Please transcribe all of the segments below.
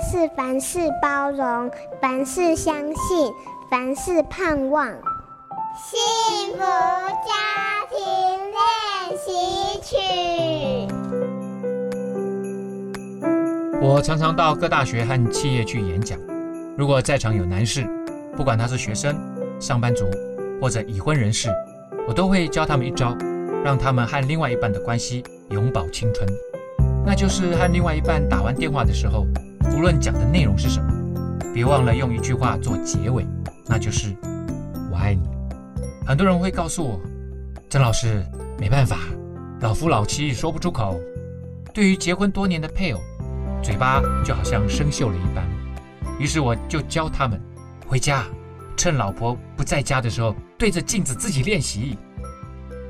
是凡事包容，凡事相信，凡事盼望。幸福家庭練習曲。我常常到各大學和企業去演講。如果在場有男士，不管他是學生、上班族或者已婚人士，我都會教他們一招，讓他們和另外一半的關係永葆青春。那就是和另外一半打完電話的時候，無論講的內容是什麼，別忘了用一句話做結尾，那就是“我愛你”。很多人會告訴我：“曾老師，沒辦法，老夫老妻說不出口。”對於結婚多年的配偶，嘴巴就好像生鏽了一般。於是我就教他們回家，趁老婆不在家的時候，對着鏡子自己練習。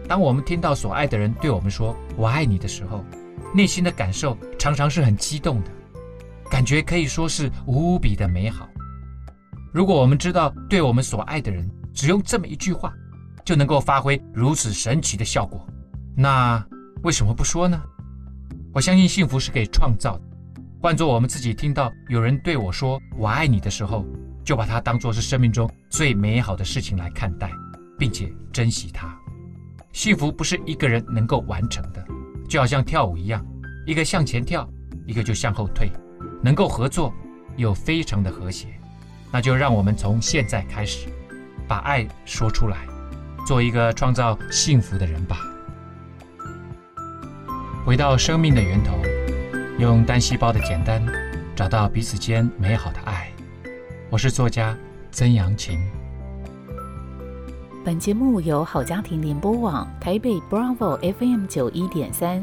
當我們聽到所愛的人對我們說“我愛你”的時候，內心的感受常常是很激動的。感覺可以說是無比的美好。如果我們知道，對我們所愛的人，只用這麼一句話，就能夠發揮如此神奇的效果，那為什麼不說呢？我相信幸福是可以創造的。換做我們自己聽到有人對我說“我愛你”的時候，就把它當做是生命中最美好的事情來看待，並且珍惜它。幸福不是一個人能夠完成的，就好像跳舞一樣，一個向前跳，一個就向後退。能夠合作，又非常的和諧，那就讓我們從現在開始，把愛說出來，做一個創造幸福的人吧。回到生命的源頭，用單細胞的簡單，找到彼此間美好的愛。我是作家曾陽晴。本節目由好家庭聯播網、台北 Bravo FM 九一點三。